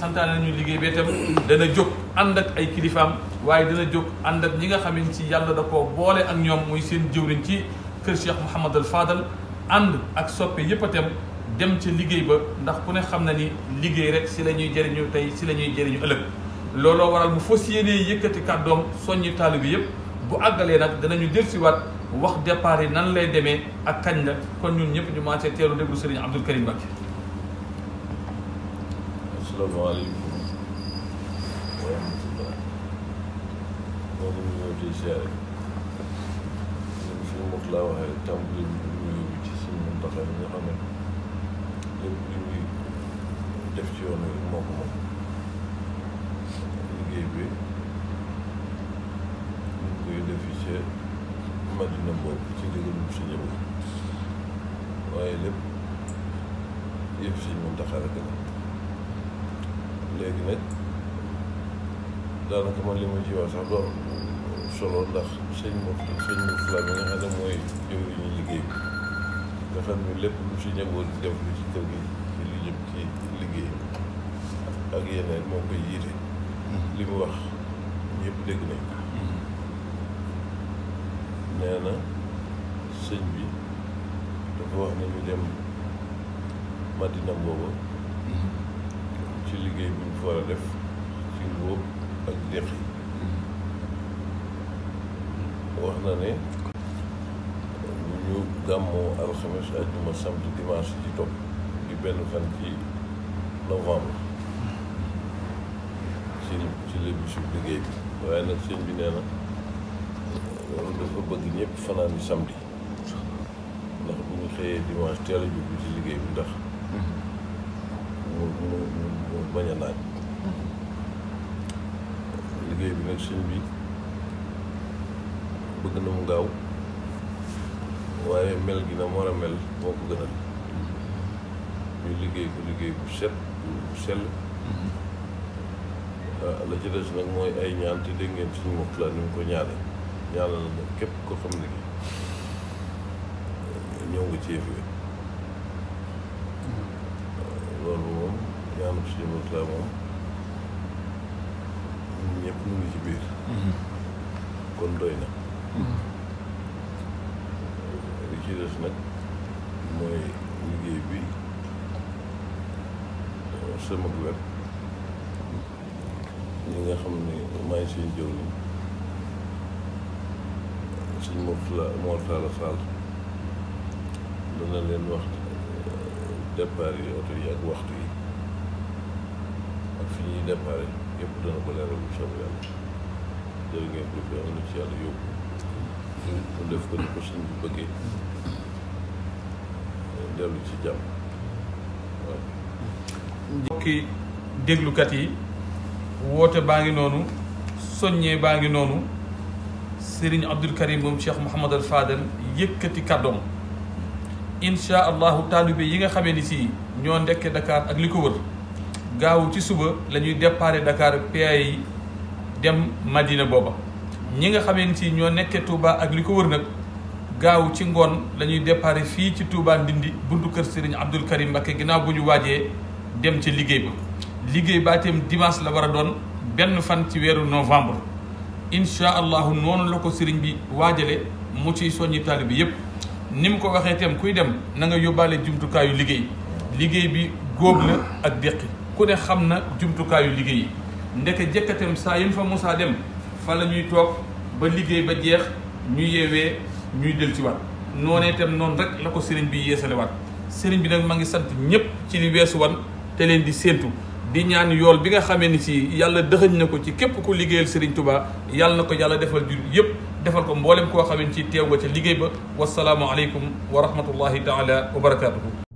santaane nañu liggéey bi itam dana jóg ànd ak ay kilifaam waaye dana jóg ànd ak ñi nga xam ci yàlla da koo boole ak ñoom muy seen jëwriñ ci kër Cheikh Mouhamad al Fadal ànd ak soppe yëpp itam dem ca liggéey ba ndax ku ne xam na ni liggéey rek si la ñuy jëriñu tey si la ñuy jëriñu ëllëg looloo waral mu fos yéene yëkkati kàddoom soññi taalibe yëpp bu àggalee nag danañu dellusiwaat wax départ yi nan lay demee ak kañ la kon ñun ñëpp ñu maasee teelu déglu Serigne Abdoul Karim asalaamaaleykum wa rahmatulah maa ngi ñëw di ziare ñun suñu mbokk laa waxee tàmbali bi ñu ci suñu Muntaxa yi nga xam ne lépp lu ñuy def ci yoon moo ko moom liggéey bi ñu def ci Madina boobu ci diggante bi si ñëw waaye lépp yëpp si Muntaxa rek la. léegi nag daanaka man li ma jiwaa sax doon solo ndax sëñ Mourtada sëñ Mourtada bi nga xam ne mooy jëwriñu liggéey bi nga xam ne lépp lu si njaboot di def lu ci kër gi ci li jëm ci liggéey ak yeneen moo koy yiite mm-hmm. li mu wax ñëpp dégg nañ ko mm-hmm. nee na sëñ bi dafa wax ne ñu dem Madina booba mm-hmm. ci liggéey bi ñu war a def ci ngóob ak deqi wax na ne lu ñu gàmmoo alxames ajjuma samedi dimanche ci topp di benn fan ci novembre ci ci liggéey bi waaye nag sëñ bi nee na loolu dafa bëgg ñëpp fanaan yi samedi ndax bu ñu xëyee dimanche teel a jublu ci liggéey bi ndax mu mu mu bañ a naaj liggéey bi nag sëñ bi bëgg na mu gaaw waaye mel gi na war a mel moo ko gënal ñu liggéey ko liggéey bu set bu sell ah, la ci des nag mooy ay ñaan te dégg ngeen suñu waxtu laa mu ko ñaane ñaanal na képp ko xam ne ñëw nga ci Ahmad Cheikh moom ñun ñëpp ngi ci biir. Mhm. kon doy na. Mhm. li nag mooy liggéey bi euh, sama web ñi nga xam ne maay seen jëw ni sëñ Mourtada Mourtada Fall dana leen wax euh, départ yi oto yi ak waxtu yi. fi ñuy démarré yëpp dana ko leeral bu yàlla jërë ngeen def ko ni ko suñ bi bëggee dellu ci jàmm waaw déglukat yi woote baa ngi noonu soññee baa ngi noonu Serigne Abdul Karim moom Cheikh Mouhamad Al Fadel yëkkati kàddoom incha allahu taalibe yi nga xamee ni si ñoo ndekke Dakar ak li ko wër gaawu ci suba la ñuy déparé Dakar PA yi dem Madina booba ñi nga xamee si ñoo nekkee Touba ak li ko wër nag gaaw ci ngoon lañuy ñuy fii ci Touba Ndindi buntu kër Serigne Abdoul Karim Mbacké ginnaaw bu ñu waajee dem ci liggéey ba liggéey ba itam la war a doon benn fan ci weeru novembre incha allahu noonu la ko sëriñ bi waajale mu ci soññi taali bi yëpp ni mu ko waxee itam kuy dem na nga yóbbaale jumtukaayu liggéey liggéey bi góob la ak déqi ku ne xam na jumtukaayu liggéey yi ndeke jëkkatem saa yu fa Moussa dem fa la ñuy toog ba liggéey ba jeex ñu yeewee ñuy del ci wat noonee itam noonu rek la ko sëriñ bi yeesalewaat sëriñ bi nag ma ngi sant ñëpp ci li weesu wan te leen di séentu di ñaan yool bi nga xamee ni si yàlla dëxëñ na ko ci képp ku liggéeyal sëriñ Touba yàlla na ko yàlla defal jur yëpp defal ko mboolem koo xamee ni ci teew nga ca liggéey ba wasalaamualeykum wa rahmatullahi taala wa barakaatuhu